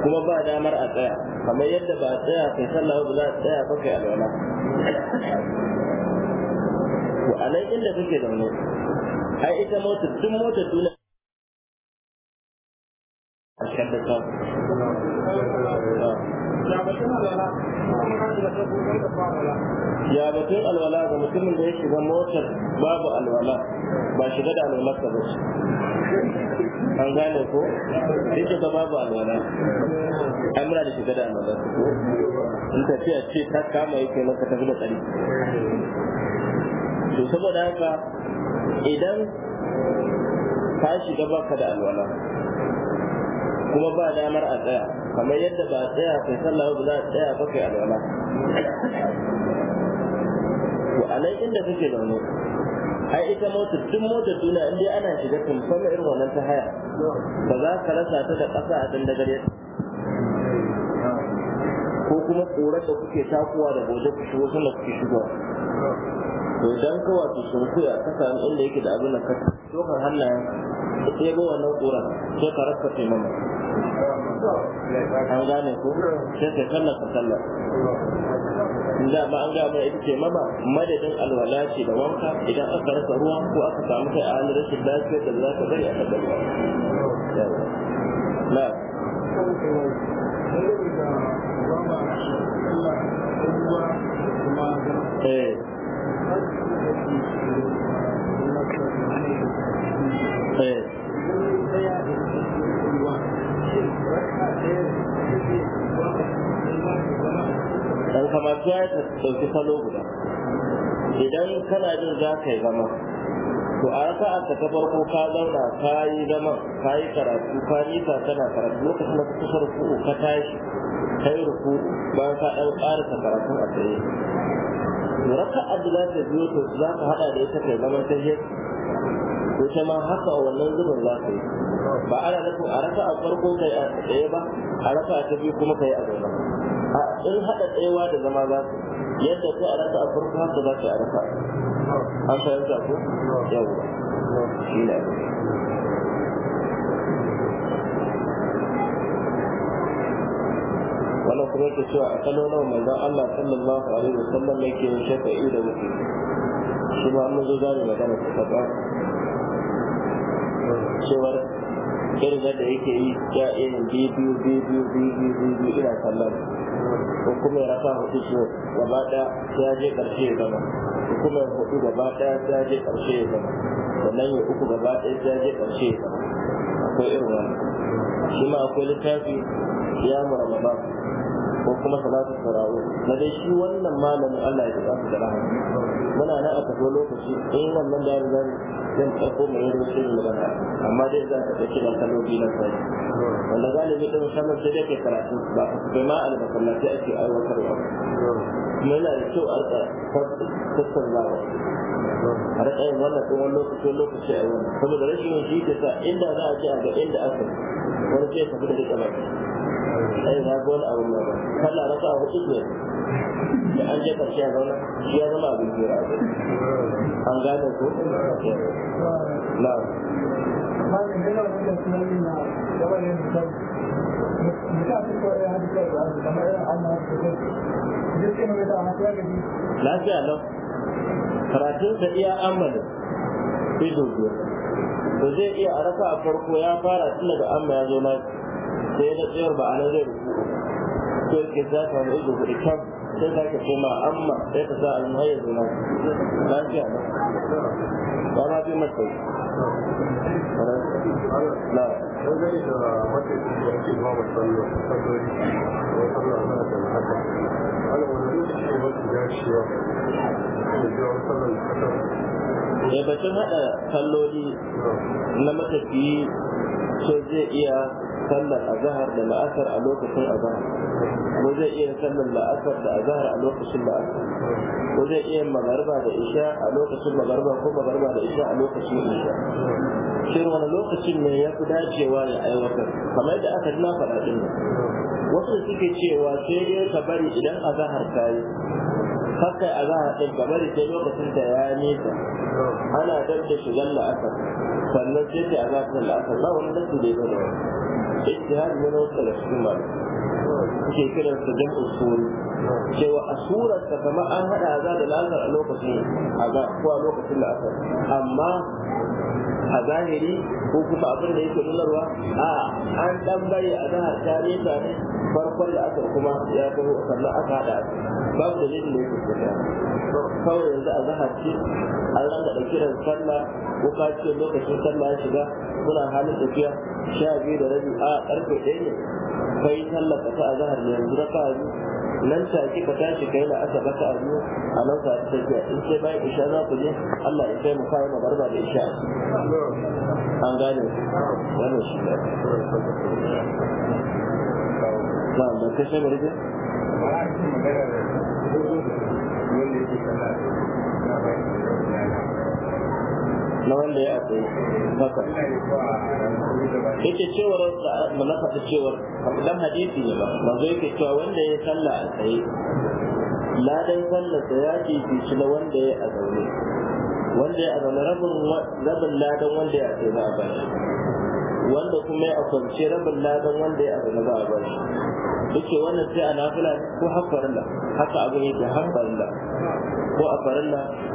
kuma ba damar a tsaya kamar yadda ba a tsaya kai sallah ba za a tsaya ba kai alwala to a nan inda kake mu. ai ita motar duk motar dole a shadda ya batun alwala ga mutumin da ya shiga motar babu alwala ba shiga da alwalar ka ba an gane ko ya shiga babu alwala an muna da shiga da al'walar, in tafiya ce ta kama yake maka ta da tsari to saboda haka idan ka shiga baka da alwala kuma ba damar a tsaya kamar yadda ba a tsaya kai sallah ba za a tsaya ba kai alwala to a nan inda kake zaune ai ita motar duk motar duniya in dai ana shiga tamfar irin wannan ta haya ba za ka rasa ta da ƙasa a dandagar yadda ko kuma tsoron da kuke takuwa da gobe ku shigo sallah kuke shigo. to idan ka wato sunkuya ka samu inda yake da abin da ka dokan hannayen sai ga wannan tsoron sai ka rasa taimama an gane ko sai kai sallar ka sallar da ba an gaba ita ce mama madadin alwala ce da wanka idan aka rasa ruwa ko aka samu kai a halin rashin lafiyar da za ka bari a kasar ruwa na Eh. Eh. kamar ya dauki salo guda idan kana jin za ka yi zama to a raka a ta farko ka zauna ka yi zama ka yi karatu ka yi ta kana karatu lokacin da ka kusa ruku ka tashi ka yi ruku bayan ka ɗan ƙarasa karatu a tsaye raka abu za ta biyo to za ka haɗa da ita kai zama ta yi ko ta ma haka a wannan zubin za ka yi ba ana nufin a raka a farko kai a tsaye ba a raka ta biyu kuma ka yi a zama in haɗa tsayawa da zama za su yadda ko a raka a farko haka za ta a raka an fahimta ko yawwa shi ne wannan kuma yake cewa a kano nawa manzon Allah sallallahu alaihi wasallam yake shafa iya da wuce shi ma mun zo zamu magana ta saba cewar irin da yake yi ya'yan irin ina kallon. ko kuma ya raka hudu so gaba daya sai ya je karshe ya zama ko kuma ya hudu gaba daya ya je karshe ya zama sannan ya uku gaba daya sai ya je karshe ya zama akwai irin wannan shi ma akwai littafi ya mu ramadan ko kuma salatu tarawih na dai shi wannan malamin Allah ya tsaka da rahama muna nan a tafi lokaci in wannan da zan zan tsako mai yin rubutu ne ba amma dai zan tafi da kalobi na sai wanda galibi da musamman sai dake karatu ba ku bai ma albasallaci ake aiwatarwa kuma yana da kyau a tattaunawa a Har ɗayan wannan tsohon lokaci lokaci a yau kuma da rashin yin shi ke sa inda za a ce a ga inda aka wani sai tafi da duka ba. sai za ga wani ne. nan sallah raka a hudu ne da an je karshe ya zauna shi ya zama abin jira an gane ko na lafiya lau karatun da iya amalin ido biyar to zai iya a raka a farko ya fara tun daga amma ya zo lafiya sai na tsayar ba a nan zai rubu sai ke za ka mu ido kuɗi kan sai za ka koma amma sai ka sa almuhayyar zuna lafiya ne ba ma fi mata yi na dangane da wata da ake ba wa sallar sadari da sallar mana da haka ana wani lokaci ne mafi dacewa da jiwa sallar sadari da batun hada kalloli na matafiyi sai zai iya sallar azahar da la'asar a lokacin azahar ko zai iya sallar la'asar da azahar a lokacin la'asar ko zai iya magarba da isha a lokacin magarba ko magarba da isha a lokacin isha shin wani lokacin ne ya fi dacewa ya aiwatar kamar yadda aka ji na faɗa ɗin wasu suke cewa sai dai ka bari idan azahar ta yi haka azahar za a ɗin kamar da lokacin da ya nesa ana dab da shigar la'asar sannan sai ta a za ta la'asar ba wani nasu da ya ijtihadi ne na wasu daga cikin malamai suke kiran su jam'u suri cewa a surar ta kama an hada azar da lazar a lokacin azar ko a lokacin la'asar amma a zahiri ko kuma abin da yake nunarwa a an dan bari a zahar ta nesa ne farkon da aka kuma ya taho sannan aka hada babu dalilin da yake kusa kawai yanzu a zahar ce an ranga da kiran sallah ko ka ce lokacin sallah ya shiga muna halin tafiya sha biyu da rabi a karfe ɗaya ne kai sallah ka ta a zahar yanzu ka yi nan ta ake ka tashi kai da aka baka a biyu a nan ka ta in sai bayan isha za ku je Allah ya kai mu kayan da isha an gane wannan shi ne na da kashe na wanda ya ake haka yake cewar da na faɗi cewar dan hadisi ne ba manzo yake cewa wanda ya salla a tsaye dai sallar da ya ke fi na wanda ya a zaune wanda ya a zaune rabin ladan wanda ya a tsaye na a bari. wanda kuma ya kwance rabin ladan wanda ya a na ba a bari. shi duke wannan sai a nafila ko har da haka abin yake haƙƙarin da ko a farilla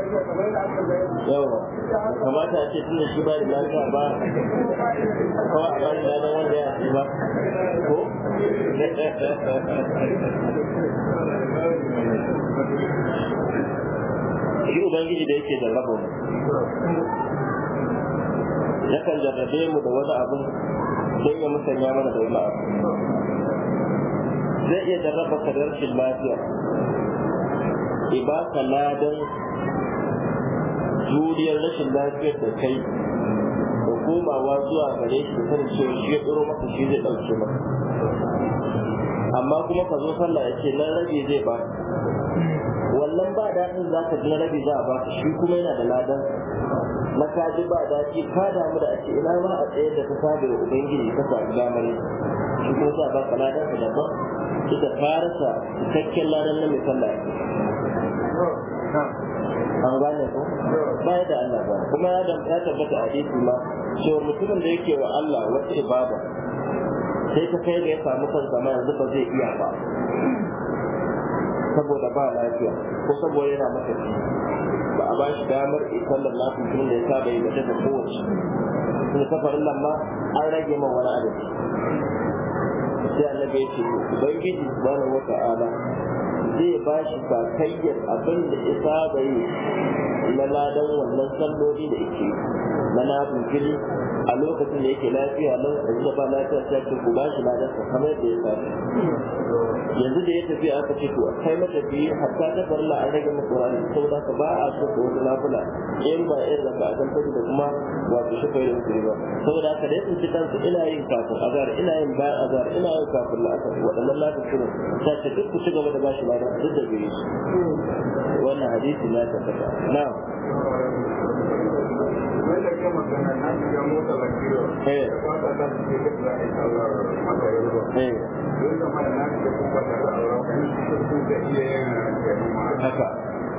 yawa kamata a ce tunda shi ba da lafiya ba kawai a ba da wanda ya ce ba ko shi ubangiji da yake jarraba mu yakan jarrabe mu da wani abin don ya musanya mana da wani abu zai iya jarraba ka da rashin lafiya ibaka ladan juriyar rashin lafiyar da kai da komawa zuwa gare shi da sanin cewa shi ya tsoro maka shi zai ɗauke maka amma kuma ka zo sallah ya ce na rabi zai ba wannan ba daɗin za ka ji na rabi za a ba shi kuma yana da ladan na ka ji ba daɗi ka damu da ake ina ma a tsaye da ka saba wa ubangiji ka sami damar shi kuma za a ba ka ladan ka daban ita farasa cikakken ladan na mai sallah an gane ko ba da Allah ba kuma ya tabbata a hadisi ma cewa mutumin da yake wa Allah wata ibada sai ta kai ga ya samu kansa ma yanzu ba zai iya ba saboda ba lafiya ko saboda yana masa matafi ba a bashi damar damar da lafi tun da ya saba yi da daga kowace tun safarin nan ma an rage man wani adadi sai annabi ya ce ubangiji subhanahu wata'ala zai ba shi sakayyar abin da ya saba yi na ladan wannan salloli da ke na nafin gini. a lokacin da yake lafiya nan a yi zaba lafiya ta ka ku bashi ladan sa kamar da ya faru yanzu da ya tafi aka ce to kai matafi hatta ta farla an rage maka wani da ka ba a so ka wata lafula in ba irin da ka a zantar da kuma wato shi kai da kuri ba saboda ka da ya tsinci kansu ina yin kafin azar ina yin bayan azar ina yin kafin la'asar waɗannan lafiya shirin ta ce duk ku ci gaba da bashi ladan duk da bai su. wannan hadisi na tabbata na'am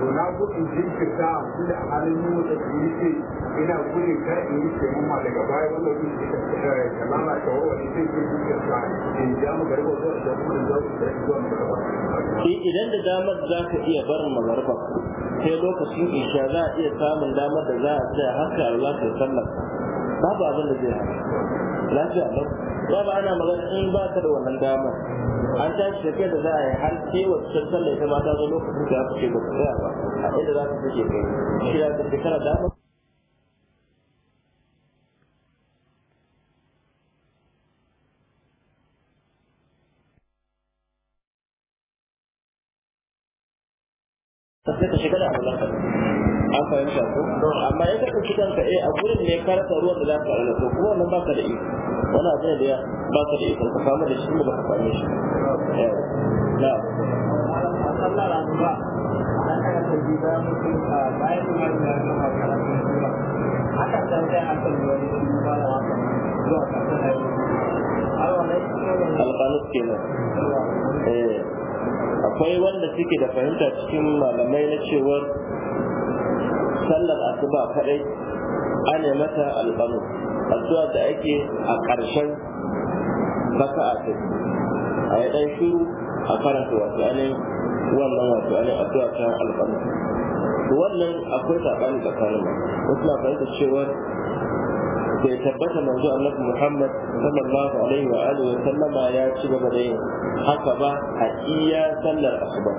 na gudun jinkirta da halin yi da ke ina yi daga baya da wani in da kuma idan da damar za ka iya barin magarba sai lokacin isha za a iya samun damar da za a tsaya haka allah ka sallah marasa babu abin da zai lafiya ba ya ba ana magana in ba ta da wannan dama an tashi da da za a yi har sai wacce sallah ita ma zo lokacin da aka ce ba ku tsaya ba a inda za ka fice kai shi da ka shekara dama amma ya kasa cikin ka eh, a gurin ne ka rasa ruwan da za ka rana to kuma wannan baka da iko wani abin da ya baka da iko ka kama da shi ne baka kwanye shi na eh, akwai wanda suke da fahimta cikin malamai na cewar sallar asuba kadai ana mata albanu addu'a da ake a ƙarshen raka'a ta a yi ɗan shiru a karanta wato ainihin wannan wasu ainihin addu'a ta albanu wannan akwai saɓani tsakanin wasu na fahimta cewar bai tabbata manzo annabi Muhammad sallallahu alaihi wa alihi wa sallama ya ci gaba da yin haka ba a iya sallar asuba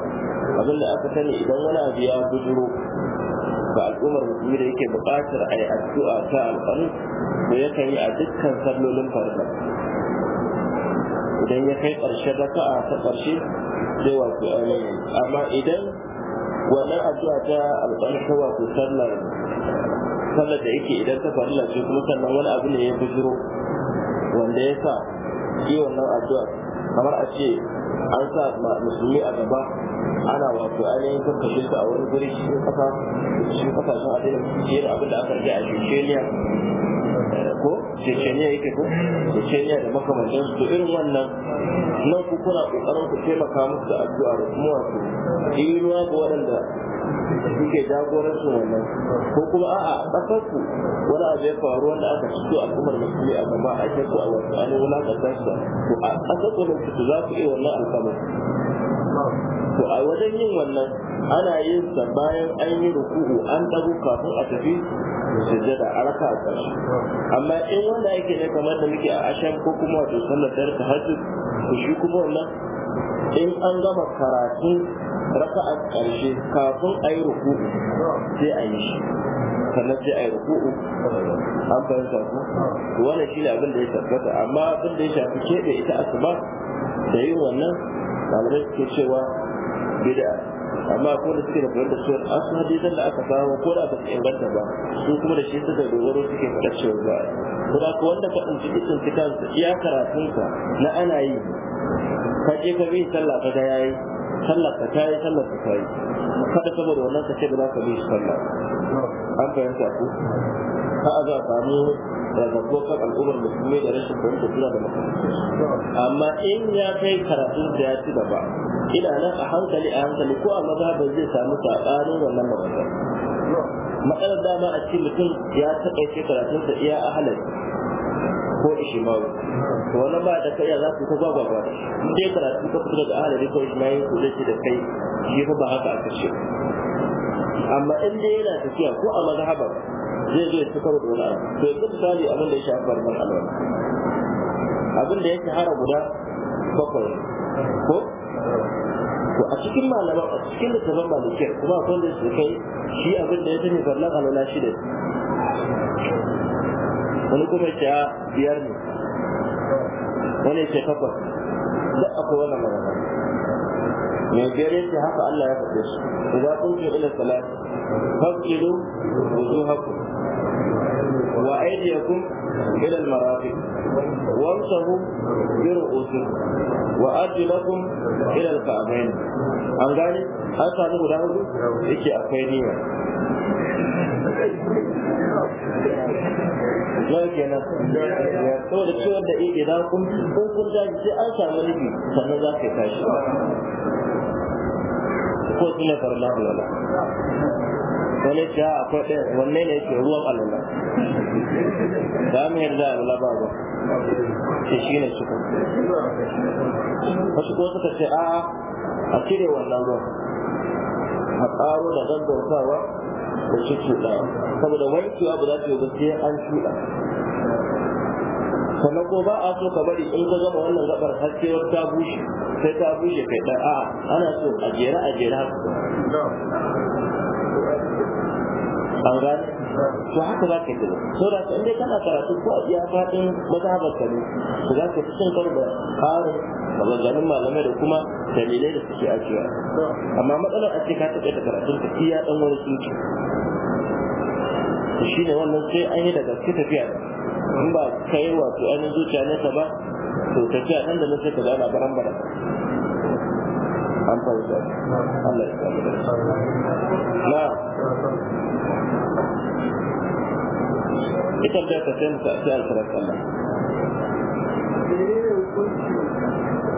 abin da aka sani idan wani abu ya bujuro Ba al'ummar musulmi da yake buƙatar a yi addu'a ta alƙalu ya kan yi a dukkan sallolin farko idan ya kai ƙarshen raka'a ta ƙarshe sai wato ainihin amma idan wannan addu'a ta alƙalu ta wato sallar sallar da yake idan ta farilla ce kuma sannan wani abu ne ya fi wanda ya sa yi wannan addu'a kamar a ce an sa musulmi a gaba ana wato ainihin kakkashe su a wani guri cikin kasa cikin kasashen adadin fiye da abin da aka rage a Nigeria ko cecenya yake ko cecenya da makamancin su irin wannan nan ku kuna kokarin ku taimaka musu da addu'a da kuma wasu ruwa ga waɗanda suke jagorar su wannan ko kuma a'a ƙasar ku wani abu ya faru wanda aka fito al'ummar musulmi a gaba a kyau a wasu an ta su to a ƙasar ku za ku iya wannan alƙalin to a wajen yin wannan ana yin sa bayan an yi ruku'u an dago kafin a tafi sujjada a raka a ƙarshe amma in wanda yake ne kamar da muke a ashan ko kuma wato sallar ta tahajjud to shi kuma wannan in an gama karatu karatun raka'ar ƙarshe kafin a yi ruku'u sai a yi shi sannan sai a yi ruku'u an fahimta ku to wannan shi ne abin da ya tabbata amma abin da ya shafi keɓe ita asuba da yin wannan malamai suke cewa bid'a amma ko da suke da fahimtar cewa asu hadisan da aka kawo ko da aka inganta ba su kuma da shi da dogaro suke faɗa cewa ba da ko wanda ka tsinci kitsin kansa iya ka na ana yi ka je ka bi sallah ka ga yayi sallah ka tayi sallah ka tayi kada saboda wannan ka ce ba za ka bi sallah an fahimta ku ka a samu rarrabuwa kan al'ummar musulmi da rashin fahimta suna da makamantar amma in ya kai karatun da ya ci gaba ina nan a hankali a hankali ko a mazhabar zai samu sabanin wannan magana matsalar dama a cikin mutum ya karatun karatunsa iya a halar ko ishimawi to wani ba da kai za ku ko gwagwa ba in dai karatu ka fito daga ahalari ko ishimawi ko zai shi da kai shi fa ba haka a ce amma in dai yana tafiya ko a mazhabar zai zo ya ci karo da wani abu to yanzu misali abin da ya shafi barbar alwala abin da ya shahara guda bakwai ko to a cikin malaman a cikin littafin malikiyar kuma akwai da su kai shi abin da ya sani zallan alwala shi da wani kuma ya ah, biyar ne wani ya ce takwas da akwai wannan magana mai biyar yace haka Allah ya faɗe su idza qumtum ila salat fasilu wujuhakum wa aydiyakum ila al-marafiq wamsahu bi ru'usikum wa arjulakum ila al-ka'bayn an gane an samu guda kenan, saboda ciwon da idan kun kun kun daji sai an samu sannan za ka tashi. Ko su ne farla Wani ta akwai ɗaya wanne ne yake ruwan alwala. Za mu yarda alwala ba ba. ce shi ne suka wasu ko suka ce a'a a cire wannan ruwan a ƙaro da gaggautawa da cucuɗa saboda wankewa abu za ta yi ba an cuɗa sannan ko ba a so ka bari in ka gama wannan gabar har sai ta bushe sai ta bushe kai dan a'a ana so a jera a jera haka an gane to haka za ka yi kaza so da ka inda kana karatu ko a iya faɗin mazhabar ka ne to za ka fi son karo da ƙarin maganganun malamai da kuma dalilai da suke ajiyar? amma matsalar a ce ka taɓa ta karatun ka iya ɗan wani tsinci shi ne wannan sai an yi da gaske tafiya in ba ka yi wato ainihin zuciya nesa ba to tafiya nan da nan sai ka gana baran bara an fahimta Allah ya sami da na ita da ta sai muka sai alfarar Allah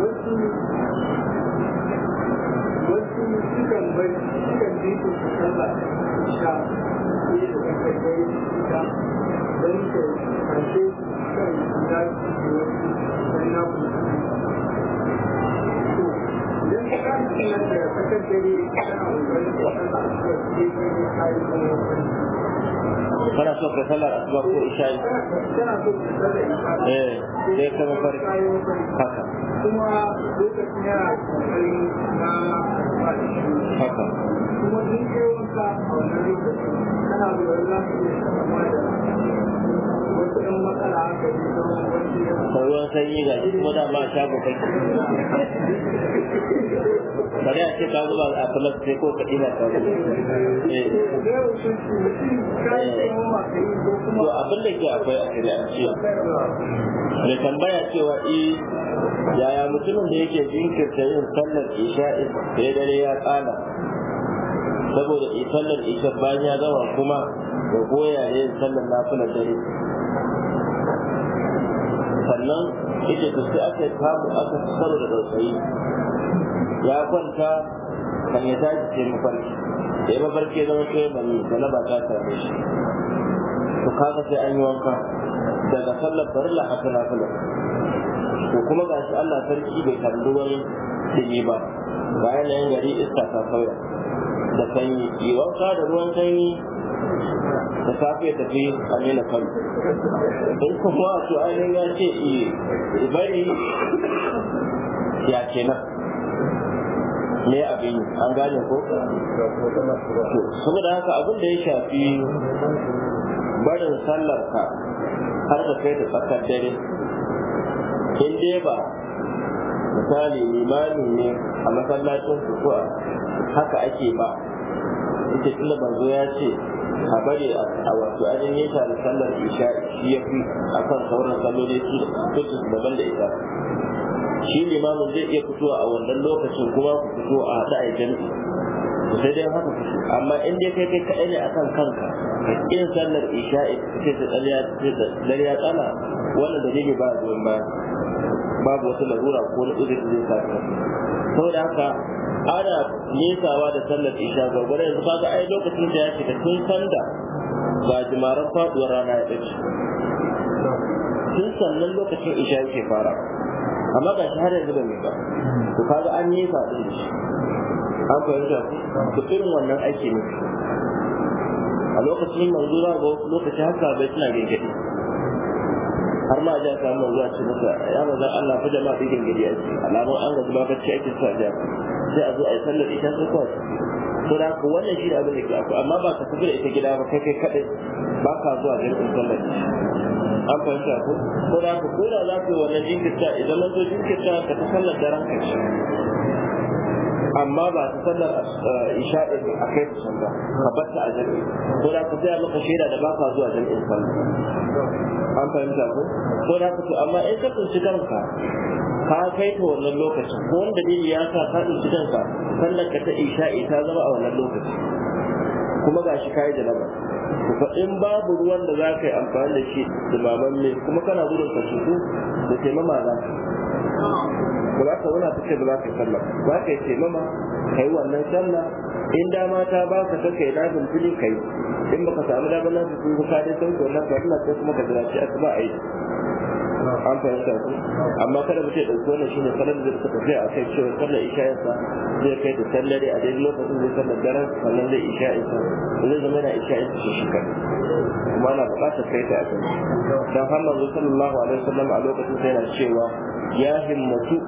wasu sukan bai sukan da don kan da da da ta kana so ka sallar asuba ko isha eh sai ka ba haka kuma lokacin yana na haka kuma wanka a wannan lokacin kana da wannan ruwan sanyi ga shi kuma dama a shago kai bari a ce ka zuba a filas sai ko ka ɗiba ka zuba eh. Eh. to abin da ke akwai a shari'ance da tambaya cewa i eh, yaya mutumin da yake jinkirta yin sallar isha'i sai dare ya tsala saboda sallar isha bayan ya gama kuma da goya yin sallar nafilar dare sannan ita ta sai aka samu aka salo da dausayi ya kwanta kan ya tashi ce mafarki da ya mafarki ya zama tsaye bani da na ba ta same shi to kaga sai an yi wanka daga sallar la a na kula to kuma shi Allah sarki bai kalli wani dumi ba ga yanayin gari iska ta sauya da sanyi yi wanka da ruwan sanyi da safe ya tafi a nuna kan in kuma su ainihin ya ce bari ya kenan ne abin an gane ko saboda haka abin da ya shafi barin sallarka har da kai da tsakar dare in dai ba misali limanin ne a masallacin ku haka ake ba ita tunda banzo ya ce a bari a wasu ajin nesa da sallar isha shi ya fi a kan sauran salloli su fitus daban da ita shi limamin zai iya fitowa a wannan lokacin kuma ku fito a haɗa a jami'i sai dai haka fito amma in dai kai kai kaɗai ne kan kanka in sallar isha'i sai ta dare ya tsala wannan dalili ba a goyon ba babu wata larura ko na uzuri zai sa ka saboda haka ana nesawa da sallar isha gwargwaron yanzu kaga ai lokacin da ya shiga da tun sanda ba jimaran faduwar rana ya ɗace tun sannan lokacin isha yake fara amma ga shi har yanzu ba mai ba to kaga an nesa din da shi an fahimta ku irin wannan aiki ne a lokacin manzo za ga wasu lokaci haka bai suna gege har ma ja ta manzo a ce masa ya manzo Allah fa jama'a bigin gidi ake alamun an gaji ba bacci ake sa ja sai a zo a yi sallar isha sai ko to da ko wannan shi abin da ke akwai amma ba ka tafi da ita gida ba kai kai kadai ba ka zuwa jirgin sallar an fahimta ko ko da ko da za ka wannan jinkirta idan na zo jinkirta ka ta sallar da ranka amma ba su sallar eh, isha'i a kai ta ba, ka bar ta a jami'i ko da ka tsaya maka shaida da ba ka zuwa jami'in sallar an fahimta ko ko da ka to amma in ka tsinci kanka ka kai ta wannan lokacin ko wanda dalili ya sa ka tsinci kanka sallar ka ta isha'i ta zama a wannan lokaci, kuma ga shi kayi jalaba to in babu ruwan da za ka yi amfani da shi dumaman ne kuma kana gudun ka cutu da taimama za ka ba za ka wuna ta ce ba za ka yi sallah za ka yi ce mama ka yi wannan sallah in dama ta ba ka ta kai labin fili ka yi in baka samu damar na su kuma ka dai sauke wannan farilla ko kuma ka jira shi asuba a yi an fahimta ku amma kada mu ce ɗauki wannan ne sallar da suka tafiya a kai cewa sallar sa zai kai da sallar a daidai lokacin zai sallar daren sannan zai isha'insa zai zama yana isha'insa shi shi kai kuma ana buƙatar kai ta a kai don har manzo sallallahu alaihi wasallam a lokacin sai yana cewa ya himmatu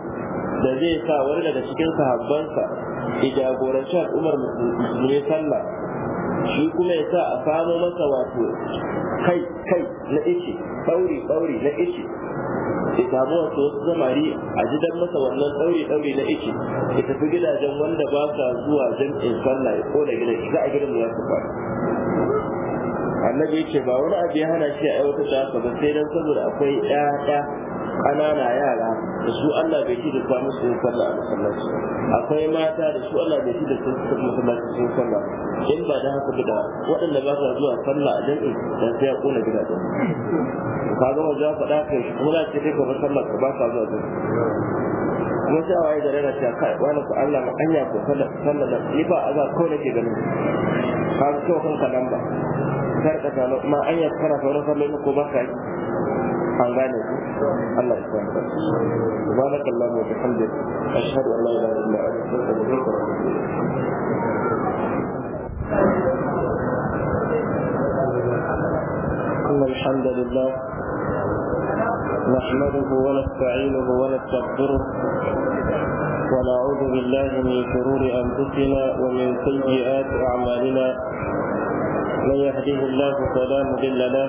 da zai sa wani daga cikin sahabbansa ya jagoranci al'ummar musulmi sallah shi kuma ya sa a samo masa wato kai kai na ice ɗauri ɗauri na ice ya samu wasu wasu zamari a ji don masa wannan ɗauri ɗauri na ice ya tafi gidajen wanda ba sa zuwa jam'in sallah ya kona shi za a gidan ya fara annabi ya ce ba wani abu ya hana shi a aiwatar da haka ba sai dan saboda akwai ɗaya ƙanana yara da su Allah bai ci da ta musu yin sallah a masallaci akwai mata da su Allah bai ci da su musu masallaci yin sallah in ba da haka gida, waɗanda ba sa zuwa sallah a jami'in dan sai ya kona gidajen ka ga wajen faɗa kai shi kuma ce ka bar ka ba ka zuwa jami'i kuma sai a waye da rana ta kai wani ku Allah ma anya ko sallah da ni ba a za ko nake ganin ka ga kawai kanka nan ba kar ka ma anya kana sauran sallah ko ba ka yi an gane ku Allah ya san ka subhanakallah wa bihamdik ashhadu an la ilaha illa anta astaghfiruka wa atubu ilaik إن الحمد لله نحمده ونستعينه ونستغفره ونعوذ بالله من شرور أنفسنا ومن سيئات أعمالنا من يهده الله فلا مضل له